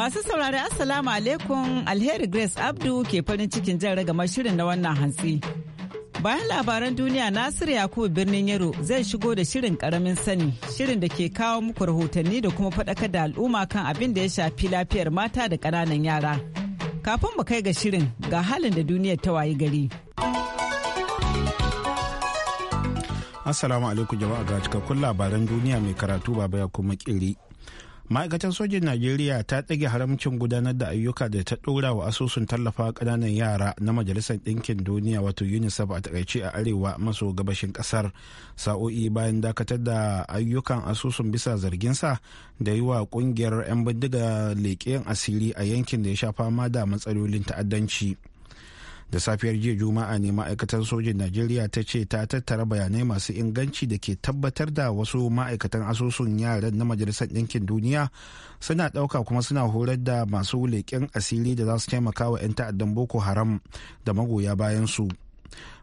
Masu saurari Assalamu alaikum Alheri Grace Abdu ke farin cikin jan ragamar shirin na wannan hantsi. Bayan labaran duniya Nasiru Yakubu birnin Yaro zai shigo da shirin karamin sani, shirin da ke kawo muku rahotanni da kuma faɗakar da al'umma kan abin da ya shafi lafiyar mata da kananan yara. Kafin mu kai ga shirin ga halin da duniyar ta wayi gari. Assalamu alaikum jama'a ga cikakkun labaran duniya mai karatu baba ya kuma kiri. ma'aikatan sojin najeriya ta tsage haramcin gudanar da ayyuka da ta ɗora wa asusun tallafa ƙananan yara na majalisar ɗinkin duniya wato unicef a takaice a arewa maso gabashin ƙasar sa'o'i bayan dakatar da ayyukan asusun bisa zarginsa da yi wa ƙungiyar 'yan bindiga leƙen asiri a yankin da ya sha fama da matsalolin ta'addanci da safiyar jiya juma'a ne ma’aikatan sojin najeriya ta ce ta tattara bayanai masu inganci da ke tabbatar da wasu ma'aikatan asusun yaran na majalisar ɗinkin duniya suna ɗauka kuma suna horar da masu leƙen asiri da za su taimaka wa 'yan ta'addan boko haram da magoya bayan su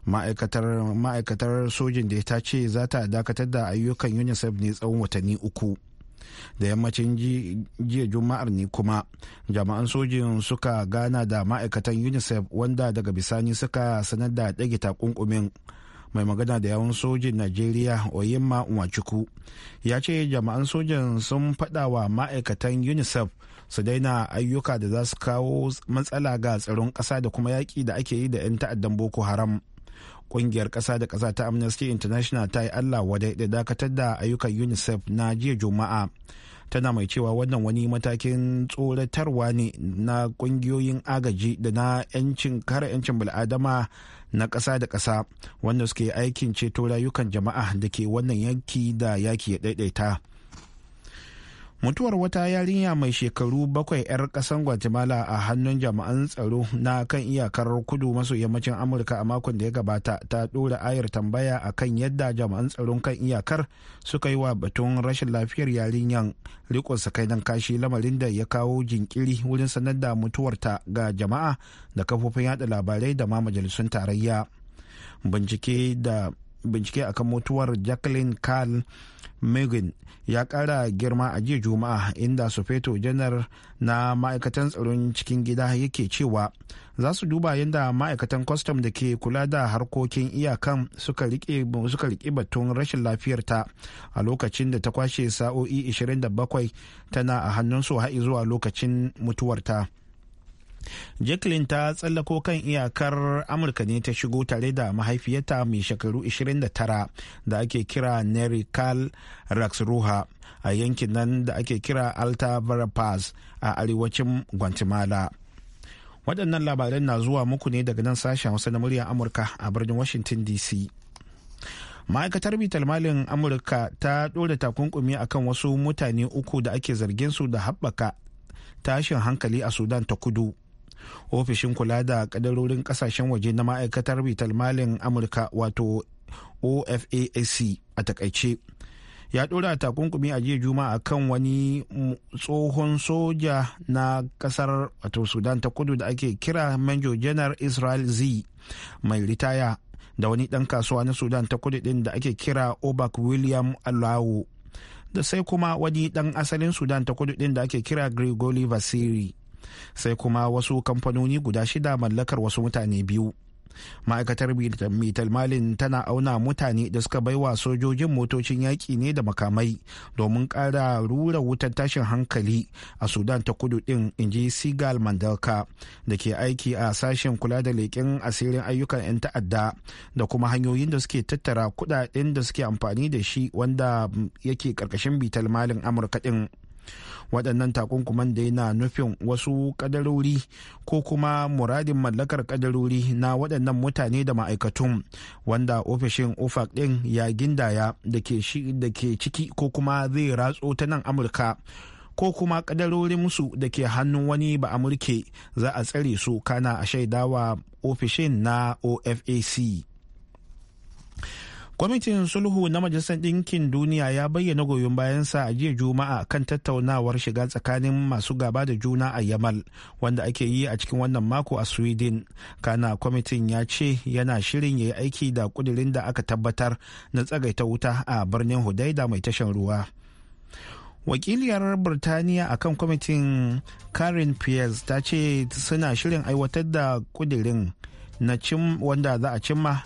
ma'aikatar sojin da ta ce za ta dakatar da ayyukan unicef ne tsawon watanni uku da yammacin jiya juma'ar ne kuma jama'an sojin suka gana da ma'aikatan unicef wanda daga bisani suka sanar da ɗage takunkumin mai magana da yawan sojin najeriya oyinma umachuku ya ce jama'an sojin sun faɗa wa ma'aikatan unicef su daina ayyuka da za su kawo matsala ga tsaron ƙasa da kuma yaƙi da ake yi da 'yan ta'addan boko haram kungiyar ƙasa da ƙasa ta amnesty international ta yi allah wadai da dakatar da ayyukan unicef na jiya juma'a tana mai cewa wannan wani matakin tsoratarwa ne na kungiyoyin agaji da na 'yancin kare 'yancin bil'adama na ƙasa da ƙasa wanda suke aikin ceto rayukan jama'a da ke wannan yanki da yaki ya ɗaiɗaita mutuwar wata yarinya mai shekaru bakwai 'yar kasan guatemala a hannun jami'an tsaro na kan iyakar kudu maso yammacin amurka a makon da ya gabata ta ɗora ayar tambaya a kan yadda jami'an tsaron kan iyakar suka yi wa batun rashin lafiyar yarinyan rikon sakainan kashi lamarin da ya kawo jinkiri wurin sanar da mutuwarta ga jama'a da kafofin yada labarai da ma majalisun tarayya bincike da bincike akan mutuwar jacqueline carl megan ya kara girma a jiya juma'a inda sufeto janar na ma'aikatan tsaron cikin gida yake cewa za su duba yadda ma'aikatan kwastam da ke kula da harkokin iyakan suka rike batun rashin lafiyarta a lokacin da ta kwashe sa'o'i 27 tana a hannunsu har zuwa lokacin mutuwarta jacqueline ta tsallako kan iyakar amurka ne ta shigo tare da mahaifiyarta mai shekaru 29 da ake kira nerikal raxruha a yankin nan da ake kira alta pass a arewacin guatemala waɗannan labaran na zuwa muku ne daga nan sashen wasu na muryar amurka a birnin washington dc ma'aikatar bitar malin amurka ta ɗora takunkumi a kan wasu mutane uku da ake zargin su da haɓaka tashin hankali a sudan ta kudu ofishin kula da kadarorin kasashen waje na ma'aikatar vital malin amurka wato ofac a takaice ya dora takunkumi a jiya juma'a kan wani tsohon soja na kasar wato sudan ta kudu da ake kira manjo janar israel z mai ritaya da wani dan kasuwa na sudan ta kudu din da ake kira obak william alawo da sai kuma wani dan asalin sudan ta kudu din da ake kira grigoli vasiri sai kuma wasu kamfanoni guda shida mallakar wasu mutane biyu ma'aikatar mital malin tana auna mutane da suka bai wa sojojin motocin yaƙi ne da makamai domin ƙara rura wutar tashin hankali a sudan ta kudu ɗin ji sigal mandalka da ke aiki a sashen kula da leƙen asirin ayyukan 'yan ta'adda da kuma hanyoyin da suke tattara kuɗaɗen da suke amfani da shi wanda yake ƙarƙashin bital malin amurka ɗin waɗannan takunkuman da yana nufin wasu kadarori ko kuma muradin mallakar kadarori na waɗannan mutane da ma'aikatun wanda ofishin ofak ɗin ya gindaya da ke ciki ko kuma zai ratso ta nan amurka ko kuma su da ke hannun wani ba amurke za a tsare su kana a shaidawa ofishin na ofac kwamitin sulhu na majalisar ɗinkin duniya ya bayyana goyon bayansa a jiya juma'a kan tattaunawar shiga tsakanin masu gaba da juna a yamal wanda ake yi a cikin wannan mako a sweden kana kwamitin ya ce yana shirin ya yi aiki da kudirin da aka tabbatar na tsagaita wuta a birnin hudaida mai tashan ruwa wakiliyar birtaniya a kan kwamitin karen pierce ta ce suna shirin aiwatar da kudirin na cim wanda za a cimma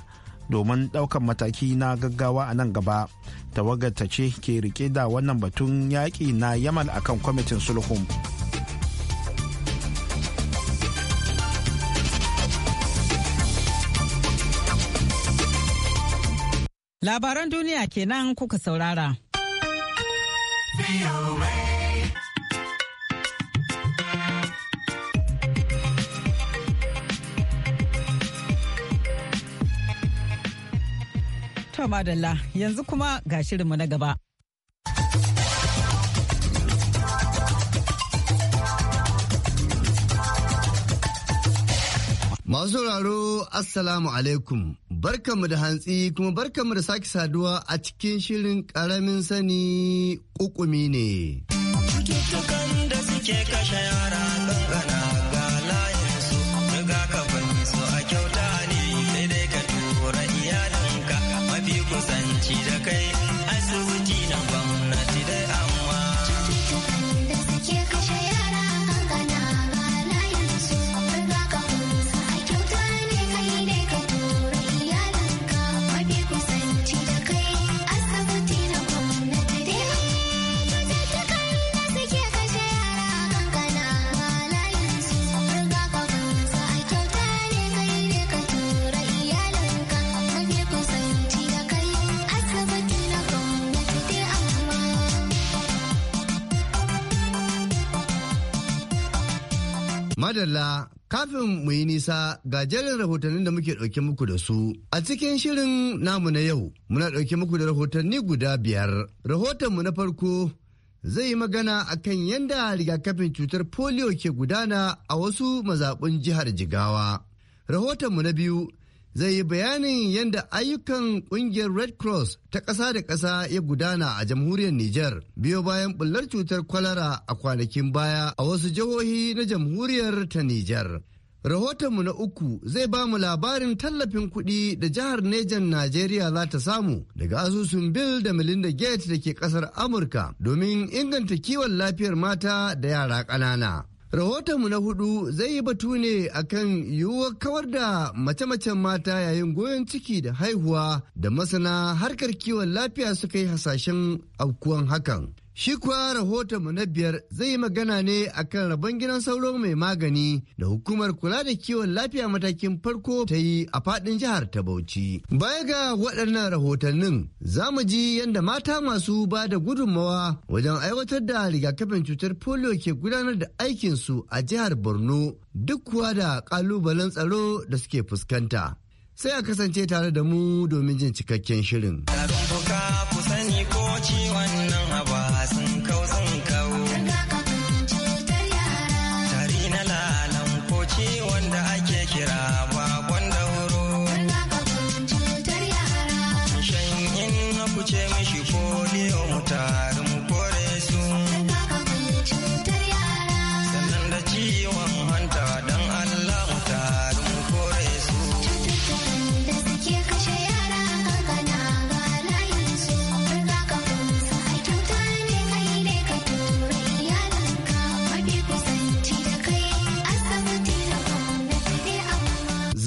domin ɗaukan mataki na gaggawa a nan gaba tawagar ce ke rike da wannan batun yaƙi na yamal akan kwamitin sulhun. Labaran duniya kenan kuka saurara. To madalla yanzu kuma ga shirinmu na gaba. Masu sauraro Assalamu alaikum, barkanmu da hantsi kuma barkanmu da sake saduwa a cikin shirin ƙaramin sani ƙuƙumi ne. Cututtukan da suke kashe yara Madalla kafin mu yi nisa ga jerin rahotannin da muke ɗauke muku da su. A cikin shirin namu na yau muna ɗauke muku da rahotanni guda biyar. Rahotonmu na farko zai yi magana a kan yadda rigakafin cutar polio ke gudana a wasu mazaɓun jihar Jigawa. Rahotonmu na biyu zai yi bayanin yadda ayyukan kungiyar red cross ta ƙasa da ƙasa ya gudana a jamhuriyar niger biyo bayan bullar cutar kwalara a kwanakin baya a wasu jihohi na jamhuriyar ta niger rahotonmu na uku zai ba mu labarin tallafin kuɗi da jihar nejan najeriya za ta samu daga asusun bill da melinda gates da ke ƙasar amurka domin inganta kiwon lafiyar mata da yara ƙanana Rahotonmu na hudu zai yi batu ne akan yiwuwar kawar da mace-macen mata yayin goyon ciki da haihuwa da masana harkar kiwon lafiya suka yi hasashen aukuwan hakan. Shi kuwa rahoton mu na biyar zai yi magana ne akan rabon gidan sauro mai magani da hukumar kula da kiwon lafiya matakin farko ta yi a fadin jihar ta Bauchi. Baya ga waɗannan rahotannin za mu ji yadda mata masu ba da gudunmawa wajen aiwatar da rigakafin cutar polio ke gudanar da aikinsu a jihar Borno duk kuwa da ƙalubalen tsaro da suke fuskanta. Sai a kasance tare da mu domin jin cikakken shirin.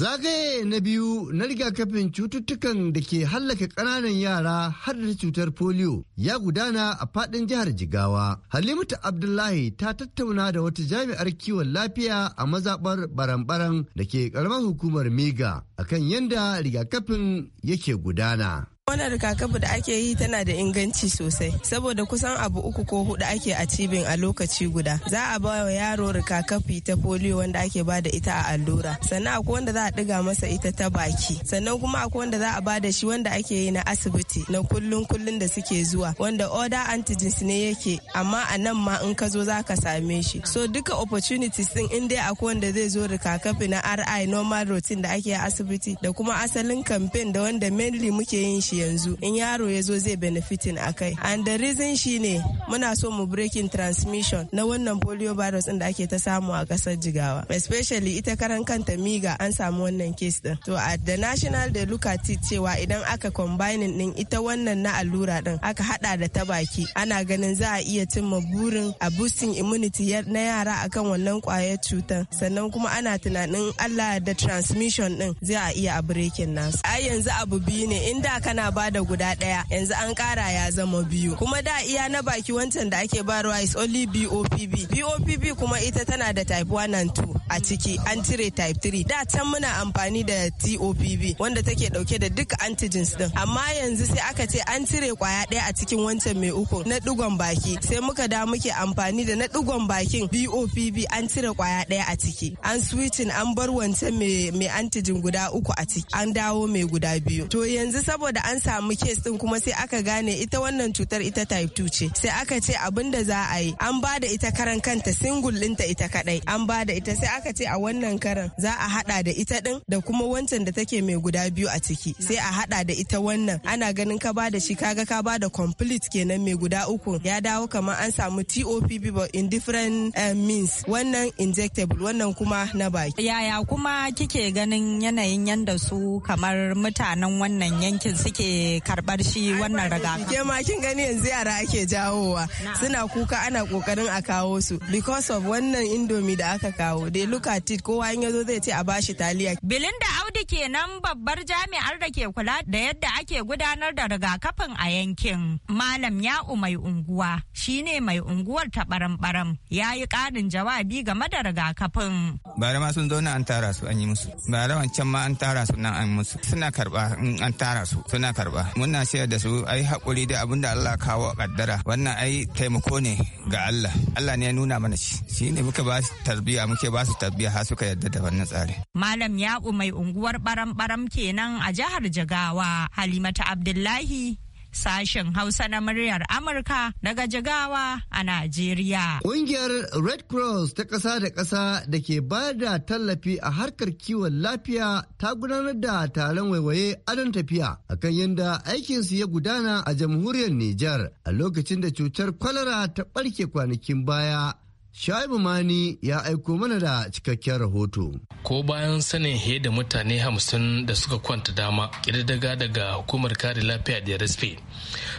Zagaye na biyu na rigakafin cututtukan da ke hallaka ƙananan yara har da cutar polio ya gudana a faɗin jihar Jigawa. Halimatu Abdullahi ta tattauna da wata jami'ar kiwon lafiya a mazaɓar baran-baran da ke ƙaramar hukumar Mega akan yadda rigakafin yake gudana. Wannan rigakafi da ake yi tana da inganci sosai saboda kusan abu uku ko hudu ake a cibin a lokaci guda. Za a ba wa yaro rigakafi ta polio wanda ake ba da ita a allura. Sannan akwai wanda za a diga masa ita ta baki. Sannan kuma akwai wanda za a ba da shi wanda ake yi na asibiti na kullun kullun da suke zuwa wanda order antigens ne yake amma a nan ma in ka zo za ka same shi. So duka opportunities din in dai akwai wanda zai zo rikakafi na RI normal routine da ake a asibiti da kuma asalin campaign da wanda mainly muke yin shi yanzu in yaro ya zo zai benefitin a kai and the reason shi ne muna so mu breaking transmission na wannan polio virus da ake ta samu a kasar jigawa especially ita karan kanta miga an samu wannan case din to at the national da look cewa idan aka combining din ita wannan na allura din aka hada da ta baki ana ganin za a iya cimma burin a boosting immunity na yara akan wannan kwayar cutar sannan kuma ana tunanin Allah da transmission din zai a iya a breaking nasu ai yanzu abu biyu ne in da kana ba da guda ɗaya yanzu an kara ya zama biyu kuma da iya na baki wancan da ake barwa is only BOPB BOPB kuma ita tana da type 1 and 2 a ciki an cire type 3 da can muna amfani da TOPB wanda take dauke da duka antigens din amma yanzu sai aka ce an cire kwaya ɗaya a cikin wancan mai uku na digon baki sai muka da muke amfani da na digon bakin BOPB an cire kwaya ɗaya a ciki an switching an bar wancan mai antigen guda uku a ciki an dawo mai guda biyu to yanzu saboda an an samu kes din kuma sai aka gane ita wannan cutar ita type 2 ce sai aka ce abin da za a yi an ba da ita karan kanta single ɗinta ita kadai an ba da ita sai aka ce a wannan karan za a hada da ita din da kuma wancan da take mai guda biyu a ciki sai a hada da ita wannan ana ganin ka ba da shi kaga ka ba da complete kenan mai guda uku ya dawo kamar an samu TOPB but in different uh, means wannan injectable wannan kuma na baki yaya kuma kike ganin yanayin yanda su kamar mutanen wannan yankin suke ake karbar shi wannan rigakafi ke ma kin gani yanzu yara ake jawowa suna kuka ana kokarin a kawo su because of wannan indomi da aka kawo Dey look at it kowa in yazo zai ce a bashi taliya bilinda audi kenan babbar jami'ar da ke kula da yadda ake gudanar da rigakafin a yankin malam ya'u mai unguwa shine mai unguwar ta baram-baram ya yi karin jawabi game da rigakafin bare ma sun zauna an tara su an yi musu bare wancan ma an tara su nan an musu suna karba an tara su suna muna karba muna sayar da su ai hakuri da abin da Allah kawo kaddara wannan ai taimako ne ga Allah Allah ne ya nuna mana shi shine muka ba su tarbiyya muke ba su tarbiyya har suka yarda da wannan tsari malam yaƙu mai unguwar baram baram kenan a jihar Jigawa Halimata Abdullahi sashen Hausa na muryar Amurka daga Jigawa a Najeriya. Ƙungiyar Red Cross ta ƙasa da ƙasa da ke ba da tallafi a harkar kiwon lafiya ta gudanar da taron waiwaye adon tafiya akan yadda aikinsu ya gudana a jamhuriyar Nijar a lokacin da cutar kwalara ta ɓarke kwanakin baya. Shaibu Mani ya aiko mana da cikakken rahoto. Ko bayan sanin he da mutane hamsin da suka kwanta dama ƙididdiga daga hukumar kare lafiya da RSP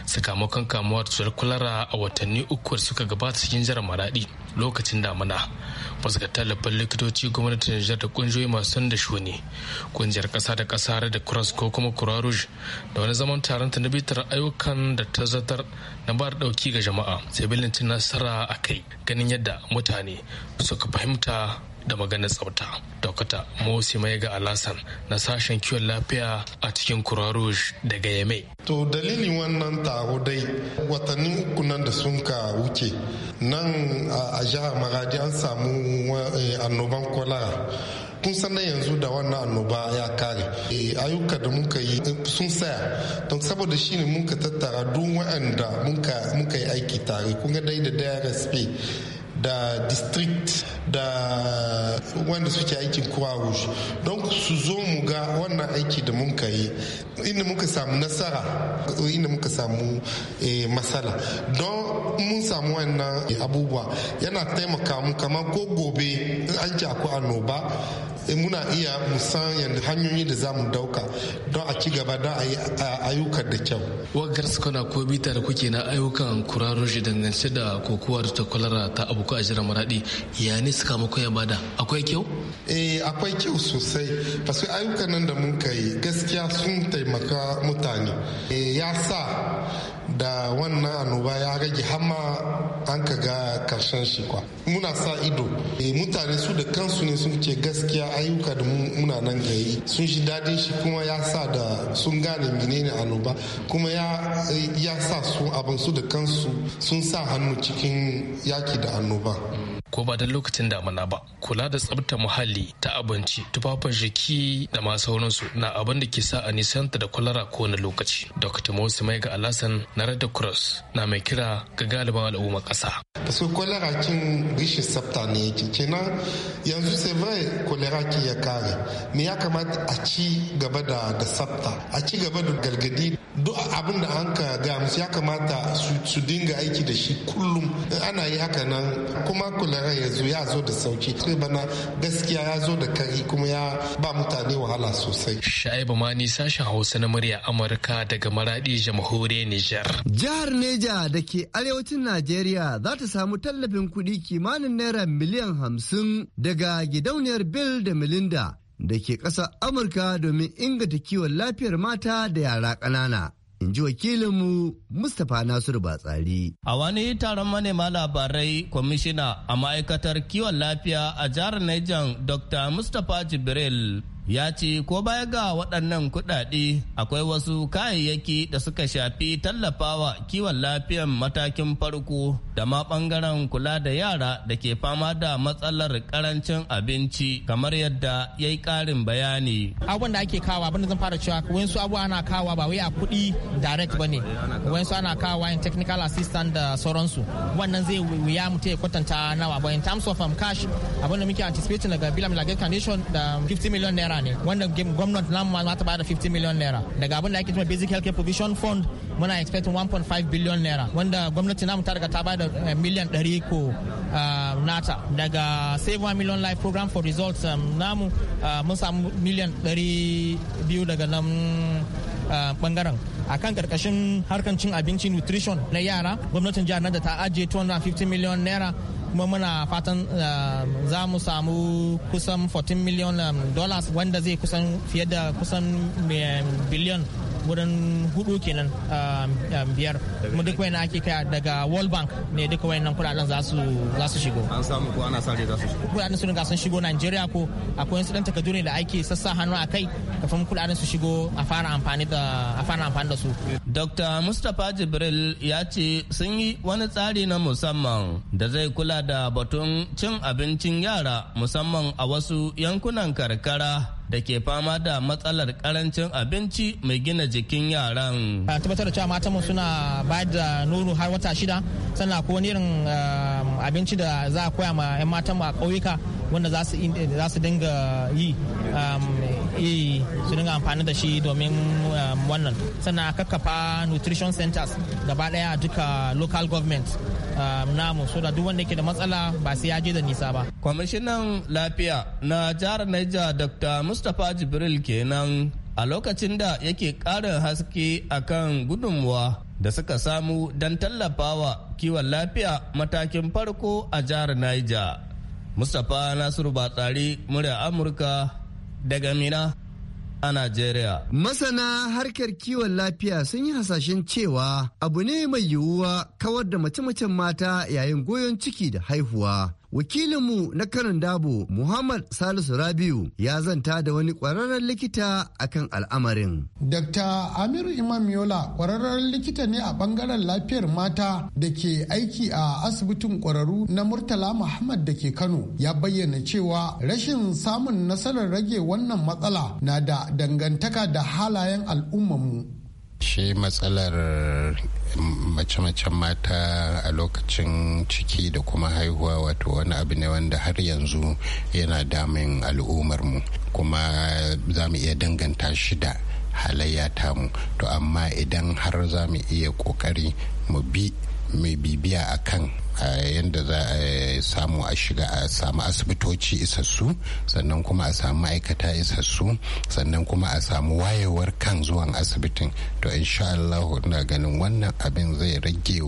sakamakon kamuwar cutar kwalara a watanni uku da suka gabata cikin jihar maradi lokacin damuna wasu ga tallafin likitoci gwamnatin nijar da kungiyoyi masu son da shuni kungiyar kasa da kasa da cross ko kuma croix rouge da wani zaman taron ta bi ta ayyukan da ta zartar na ba da dauki ga jama'a sai bilincin nasara a kai ganin yadda mutane suka fahimta da maganar tsafta dokta mosi mai ga alasan na sashen kiwon lafiya a cikin kurarush daga yame to dalilin wannan taro dai watanni uku nan da sun ka wuce nan a jihar maradi an samu eh, annoban kwalara kun sanar yanzu da wannan annoba ya kare eh, ayyuka da muka yi eh, sun saya don saboda shi ne muka tattara duk wa'anda muka yi aiki tare kun ga dai da drsp da district da wanda suke aikin rouge don su zo mu ga wannan aiki da mun yi inda muka samu nasara inda muka samu eh, matsala don mun samu wannan eh, abubuwa yana taimaka mu kamar ko gobe an ci akwai annoba eh, muna iya musan yadda hanyoyi da za mu dauka don a ci gaba don a yi ayyukan da kyau. Wagar kona ko bita da kuke na ayyukan kurarun shi dangance da kokowar ta kwalara ta abu muku a jiran maraɗi ya ne suka muku ya bada akwai kyau? eh akwai kyau sosai basu ayyukan nan da mun kai gaskiya sun taimaka mutane eh, ya sa da wannan annoba ya rage hama an ka ga karshen shi kwa muna sa ido eh, mutane su da kansu ne sun ce gaskiya ayyuka da muna nan yi sun shi dadin shi kuma ya sa da sun gane menene annoba kuma ya sa su abin su da kansu sun sa hannu cikin yaki da annoba ba. Ko ba don lokacin damana ba, kula da tsabta muhalli ta abinci, tufafin jiki da ma sauransu na abin da ke sa a nisanta da kwalara kowane lokaci. Dr. Mausi Mai ga Alasan na Red Cross na mai kira ga galiban al'ummar ƙasa. parce que cholera cin rishi tsafta ne yake kenan yanzu sai vrai cholera ke ya kare me ya kamata a ci gaba da da tsafta a ci gaba da gargadi duk abin da an ka ga musu ya kamata su dinga aiki da shi kullum ana yi haka nan kuma cholera yanzu ya zo da sauki sai bana gaskiya ya zo da kari kuma ya ba mutane wahala sosai sha'ibu mani sashen hausa na murya amurka daga maradi jamhuriyar niger. jihar neja da ke arewacin najeriya za ta samu tallafin kuɗi kimanin naira miliyan hamsin daga gidauniyar bill da melinda da ke ƙasar amurka domin inganta kiwon lafiyar mata da yara ƙanana in ji wakilinmu Mustapha Nasiru Batsari. A wani taron manema labarai kwamishina a ma'aikatar kiwon lafiya a jihar Niger Dr. Mustapha Jibril ya ce ko baya ga waɗannan kuɗaɗe akwai wasu kayayyaki da suka shafi tallafawa kiwon lafiyan matakin farko da ma ɓangaren kula da yara da ke fama da matsalar karancin abinci kamar yadda ya yi ƙarin bayani. Abubuwan da ake kawa abin da zan fara cewa su abubuwa ana kawa ba wai a kuɗi direct ba ne su ana kawa in technical assistant da sauransu wannan zai wuya mutum ya kwatanta nawa ba in terms of um, cash abin da muke anticipating daga bilam lagos condition da 50 million naira ne wanda gwamnati na ma ta bada 50 million naira daga abin da ake cewa basic health care provision fund muna expecting 1.5 billion naira wanda gwamnati na ta riga ta bada eh, miliyan 100 ko ah, nata daga save one million life program for results um, namu ah, mun samu miliyan 200 daga nan bangaren ah, a kan karkashin harkar cin abinci nutrition na yara gwamnatin jihar da ta ajiye 250 million naira kuma muna fatan um, za mu samu kusan 14 million um, dollars wanda zai kusan fiye da kusan um, biliyan wurin hudu kenan um, um, biyar mu duk wani ake kai daga world bank ne duka nan kudaden za su za su shigo an samu ko ana sare za su shigo kudaden sun ga sun shigo nigeria ko akwai su dan takardu ne da ake sassa hannu a kai kafin kudaden su shigo a fara amfani da a fara amfani da su Dr. Mustapha Jibril ya ce sun yi wani tsari na musamman da zai kula da batun cin abincin yara musamman a wasu yankunan karkara da ke fama da matsalar karancin abinci mai gina jikin yaran. A tabbatar da cewa matan mu suna bayar da nono har wata shida sannan ko wani irin eh, abinci da za a koya ma 'yan matan mu a ƙauyuka wanda za su dinga yi eh, eh su dinga amfani da shi domin um, wannan sannan a kakkafa nutrition centers gaba daya duka local government um, namu so da duk wanda yake da matsala ba sai ya je da nisa ba kwamishinan lafiya na jihar naija Dr. Mustapha Jibril kenan a lokacin da yake karin haske akan gudunmuwa da suka samu don tallafawa kiwon lafiya matakin farko a jihar naija Mustapha Nasiru Batsari murya Amurka daga Mina a Najeriya. Masana harkar kiwon lafiya sun yi hasashen cewa abu ne mai yiwuwa kawar da mace-macen mata yayin goyon ciki da haihuwa. Wakilinmu na karin dabo Muhammad Salisu Rabiu ya zanta da wani kwararren likita akan al'amarin. Dr. Amiru Imam Yola kwararren likita ne a bangaren lafiyar mata da ke aiki a asibitin kwararru na Murtala Muhammad da ke Kano ya bayyana cewa rashin samun nasarar rage wannan matsala na da dangantaka da halayen al'ummarmu. shi matsalar mace-macen mata a lokacin ciki da kuma haihuwa wato wani abu ne wanda har yanzu yana damin al'ummarmu kuma za mu iya danganta shi da halayya tamu to amma idan har za mu iya ƙoƙari mu bi mai bibiya a kan yadda za a samu a shiga a samu asibitoci isassu sannan kuma a samu ma'aikata isassu sannan kuma a samu wayewar kan zuwan asibitin to insha Allah na ganin wannan abin zai rage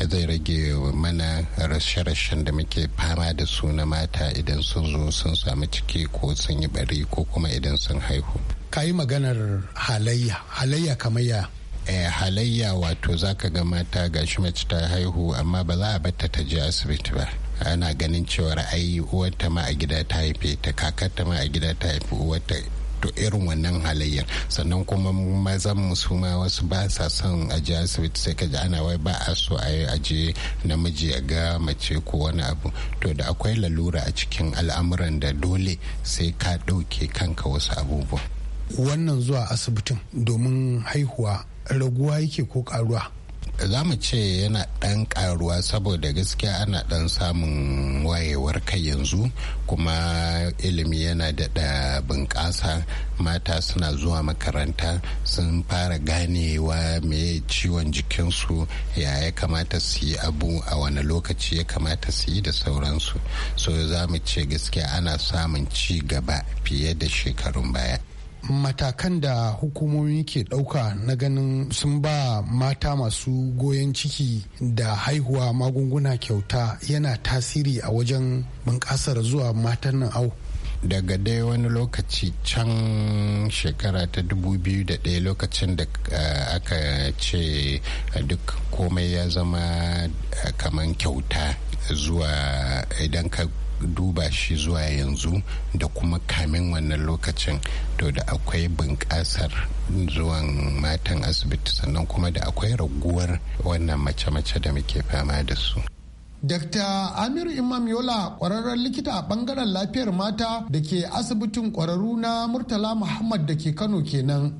zai rage mana rashe-rashen da muke fama da su na mata idan sun zo sun samu ciki ko sun yi bari ko kuma idan sun haihu ka yi maganar halayya halayya kamar ya Eh, halayya wato za ka ga mata gashi mace ta haihu amma ba za a bata ta je asibiti ba ana ganin cewar ai uwarta ma a gida ta haife ta kakarta ma a gida ta haifi uwarta to irin wannan halayyar sannan kuma mazan musu ma wasu ba sa son a je asibiti sai ka ji ana wai ba a so a yi aje namiji ya ga mace ko wani abu to da akwai lalura a cikin al'amuran da dole sai ka ɗauke kanka wasu abubuwa wannan zuwa asibitin domin haihuwa raguwa yake ko karuwa za mu ce yana ɗan ƙaruwa saboda gaskiya ana ɗan samun wayewar kai yanzu kuma ilimi yana daɗa bunƙasa mata suna zuwa makaranta sun fara ganewa mai ciwon jikinsu ya ya kamata su yi abu a wani lokaci ya kamata su yi da sauransu so za mu ce gaskiya ana samun ci gaba fiye da shekarun baya matakan da hukumomi ke ɗauka na ganin sun ba mata masu goyon ciki da haihuwa magunguna kyauta yana tasiri a wajen bunƙasar zuwa matan nan au daga dai wani lokaci can shekara ta 2001 lokacin da eh, aka ce duk komai ya zama eh, kaman kyauta zuwa idan ka duba shi zuwa yanzu da kuma kamin wannan lokacin to da akwai bunƙasar zuwan matan asibiti sannan kuma da akwai raguwar wannan mace-mace da muke fama da su Dr. Amir Imam Yola ƙwararren likita a ɓangaren lafiyar mata da ke asibitin ƙwararru na Murtala Muhammad da ke Kano kenan.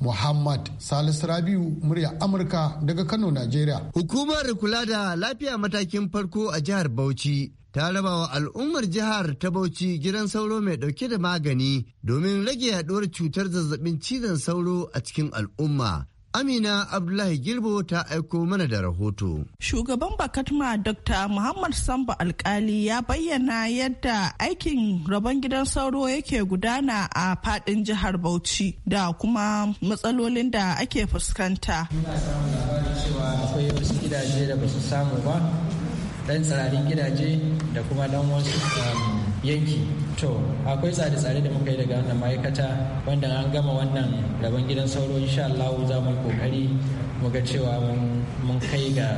Muhammad Salisu Rabiu murya Amurka daga Kano, Najeriya. Hukumar kula da lafiya matakin farko a jihar Bauchi ta raba wa al'ummar jihar ta Bauchi gidan sauro mai dauke da magani domin rage yaduwar cutar zazzabin cizon sauro a cikin al'umma. Amina Abdullahi Gilbo ta aiko mana da rahoto. Shugaban Bakatma Dr. Muhammad Samba Alkali ya bayyana yadda aikin rabon gidan sauro yake gudana a fadin jihar Bauchi da kuma matsalolin da ake fuskanta. cewa akwai wasu gidaje da ba su samu ba dan tsarin gidaje da kuma dan wasu um, yanki to akwai tsare-tsare da muka yi daga wannan ma'aikata wanda an gama wannan rabon gidan sauro insha Allah za mu kokari mu ga cewa mun kai ga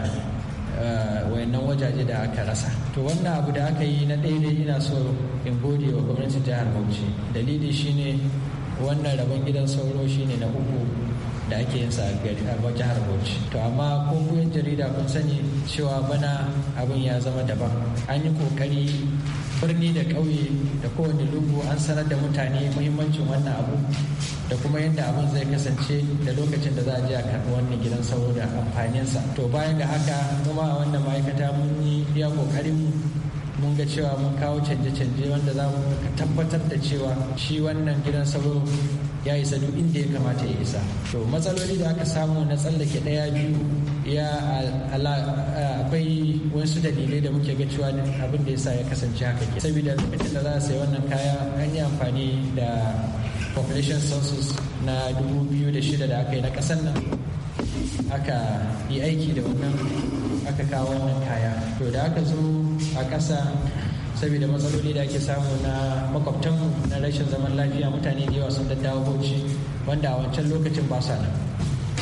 uh, wayannan wajaje da aka rasa to wannan abu da aka yi na ɗaya dai ina so in gode wa gwamnati jihar Bauchi dalili shine wannan rabon gidan sauro shine na uku da ake yin sa a jihar bauchi to amma ko yan jarida kun sani cewa bana abin ya zama daban an yi kokari birni da ƙauye da kowane lungu an sanar da mutane muhimmancin wannan abu da kuma yadda abin zai kasance da lokacin da za a je a karɓi wannan gidan sauro da amfaninsa to bayan ga haka kuma a wannan ma'aikata mun yi iya ƙoƙarinmu mun ga cewa mun kawo canje-canje wanda za mu tabbatar da cewa shi wannan gidan sauro ya isa duk inda ya kamata ya isa to matsaloli da aka samu na tsallake ɗaya biyu ya akwai wasu dalilai da muke ga cewa abin da yasa ya kasance haka ke saboda lokacin da za a sayi wannan kaya an yi amfani da population census na 2006 da aka yi na ƙasar nan aka yi aiki da wannan aka kawo wannan kaya to da aka zo a ƙasa saboda matsaloli da ake samu na makwabtanmu na rashin zaman lafiya mutane da yawa sun daddawa bauchi wanda a wancan lokacin ba sa nan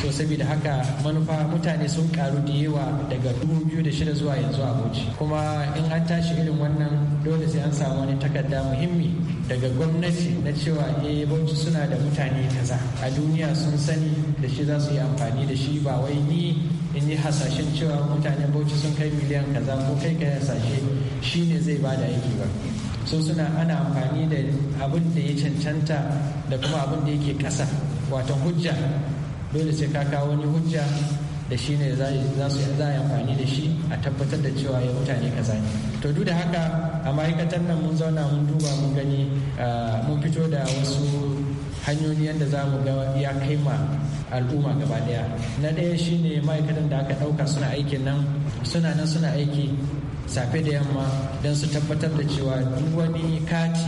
so saboda haka manufa mutane sun karu da yawa daga shida zuwa yanzu a bauchi kuma in an tashi irin wannan dole sai an samu wani takarda muhimmi daga gwamnati na cewa eh bauchi suna da mutane kaza a duniya sun sani da shi za su yi amfani da shi ba wai ni in yi hasashen cewa mutanen bauchi sun kai miliyan kaza ko kai ka hasashe shine zai ba da aiki ba so suna ana amfani da abin da ya cancanta da kuma abin da yake kasa watan hujja dole sai ka kawo wani hujja da shi ne za su za a amfani da shi a tabbatar da cewa ya mutane kaza ne to duk da haka a ma'aikatan nan mun zauna mun duba mun gani ah, mun fito da wasu hanyoyi yadda za mu ga ya kai ma al'umma gaba daya na ɗaya shine ma'aikatan da aka ɗauka suna aikin nan suna nan suna aiki safe da yamma don su tabbatar da cewa duk wani kati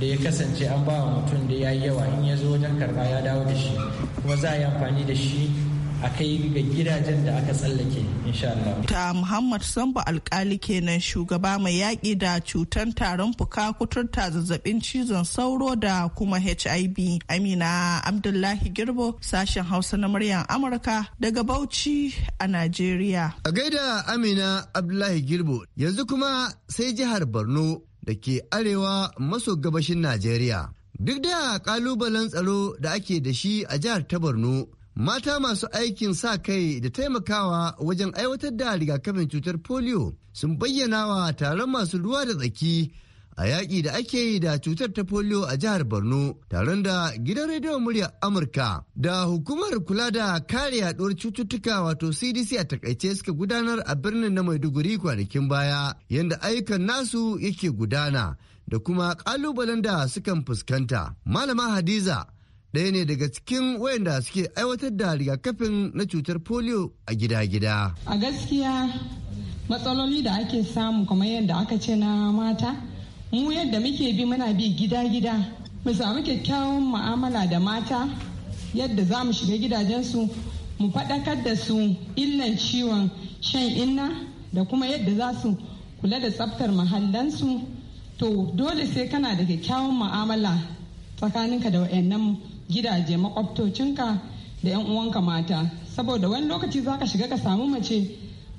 da ya kasance an ba wa mutum da ya yi yawa in ya zo wajen karɓa ya dawo da shi kuma za a yi amfani da shi a kai ga gidajen da aka tsallake insha Allah. Ta Muhammad Sambo alkali kenan shugaba mai yaƙi da cutar tarin fuka kuturta zazzabin cizon sauro da kuma HIV. Amina Abdullahi Girbo sashen Hausa na muryar Amurka daga Bauchi a Najeriya. A gaida Amina Abdullahi Girbo yanzu kuma sai jihar Borno da ke arewa maso gabashin Najeriya. Duk da kalubalen tsaro da ake da shi a jihar ta Borno mata masu aikin sa kai da taimakawa wajen aiwatar da rigakafin cutar polio sun bayyana wa taron masu ruwa da tsaki a yaƙi da ake yi da cutar ta polio a jihar borno taron da gidan rediyon muryar amurka da hukumar kula da kare yaduwar cututtuka wato cdc a takaice suka gudanar a birnin na maiduguri kwanakin baya yadda ayyukan nasu yake gudana da kuma ƙalubalen da sukan fuskanta malama hadiza ɗaya ne daga cikin wayanda suke aiwatar da rigakafin na cutar polio a gida-gida. A gaskiya matsaloli da ake samu kamar yadda aka ce na mata, mu yadda muke bi muna bi gida-gida, mu samu kyakkyawan mu'amala da mata yadda za mu shiga gidajensu mu faɗakar da su illan ciwon shan inna da kuma yadda za su kula da tsaftar mahallansu to dole sai kana da kyakkyawan mu'amala tsakaninka da wayannanmu. gidaje makwabtocinka da 'yan uwanka mata saboda wani lokaci za ka shiga ka samu mace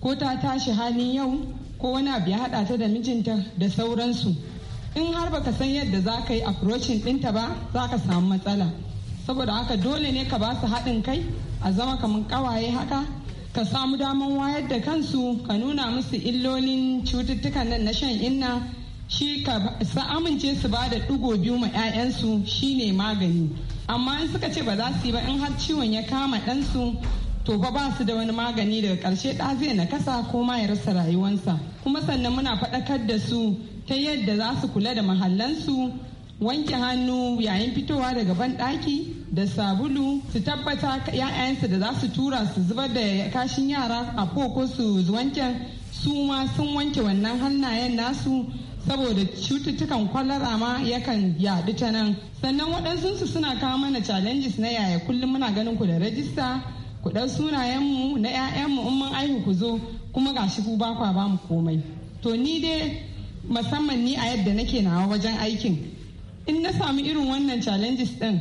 ko ta tashi hali yau ko wani abu ya haɗa ta da mijinta da sauransu in har baka san yadda za ka yi approaching ɗinta ba za ka samu matsala saboda haka dole ne ka ba su haɗin kai a zama kamar ƙawaye haka ka samu damar wayar da kansu ka nuna musu illolin cututtukan nan na shan inna shi ka amince su ba da ɗigo biyu ma 'ya'yansu shine magani amma in suka ce ba za su yi ba in har ciwon ya kama ɗansu to ba ba su da wani magani daga ƙarshe ɗa zai kasa ko ma ya rasa rayuwansa kuma sannan muna faɗakar da su ta yadda za su kula da mahallansu wanke hannu yayin fitowa daga banɗaki da sabulu su tabbata 'ya'yansu da za su tura su zubar da kashin yara a ko su wanken su ma sun wanke wannan hannayen nasu saboda cututtukan kwalara ma yakan yaɗu ta nan sannan waɗansu su suna kawo mana challenges na yaya kullum muna ganin ku da rajista ku ɗan sunayenmu na 'ya'yanmu in mun aihu ku zo kuma ga shi ku ba kwa ba mu komai to ni dai musamman ni a yadda nake nawa wajen aikin in na samu irin wannan challenges ɗin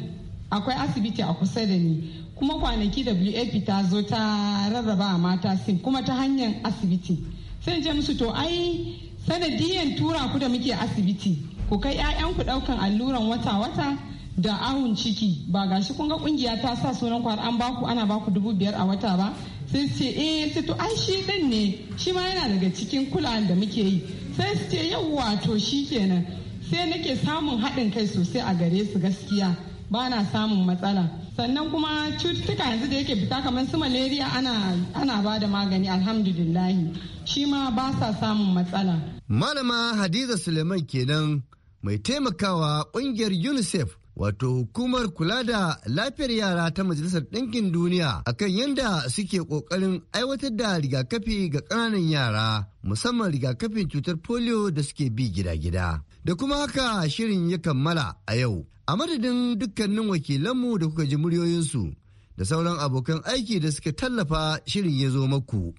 akwai asibiti a kusa da ni kuma kwanaki wap ta zo ta rarraba mata sim kuma ta hanyar asibiti sai je musu to ai sanadiyan tura ku da muke asibiti ku kai 'ya'yanku ɗaukan alluran wata-wata da awun ciki ba gashi kun ga kungiya ta sa sunan kwar an baku ana baku dubu biyar a wata ba sai su ce eh sai to ai shi din ne shi ma yana daga cikin kulawar da muke yi sai su ce yau wato shi kenan sai nake samun haɗin kai sosai a gare su gaskiya ba na samun matsala sannan kuma cututtuka yanzu da yake fita kamar su malaria ana ana ba da magani alhamdulillahi shi ma ba sa samun matsala malama hadiza suleiman kenan mai taimakawa kungiyar unicef wato hukumar kula da lafiyar yara ta majalisar ɗinkin duniya akan yadda suke ƙoƙarin aiwatar da rigakafi ga ƙananan yara musamman rigakafin cutar polio da suke bi gida-gida da kuma haka shirin ya kammala a yau a madadin dukkanin wakilanmu da kuka ji muryoyinsu da sauran abokan aiki da suka tallafa shirin ya zo maku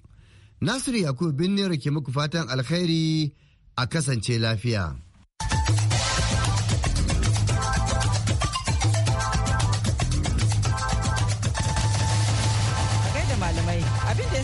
nasiru yakubu binne ke muku fatan alkhairi a kasance lafiya.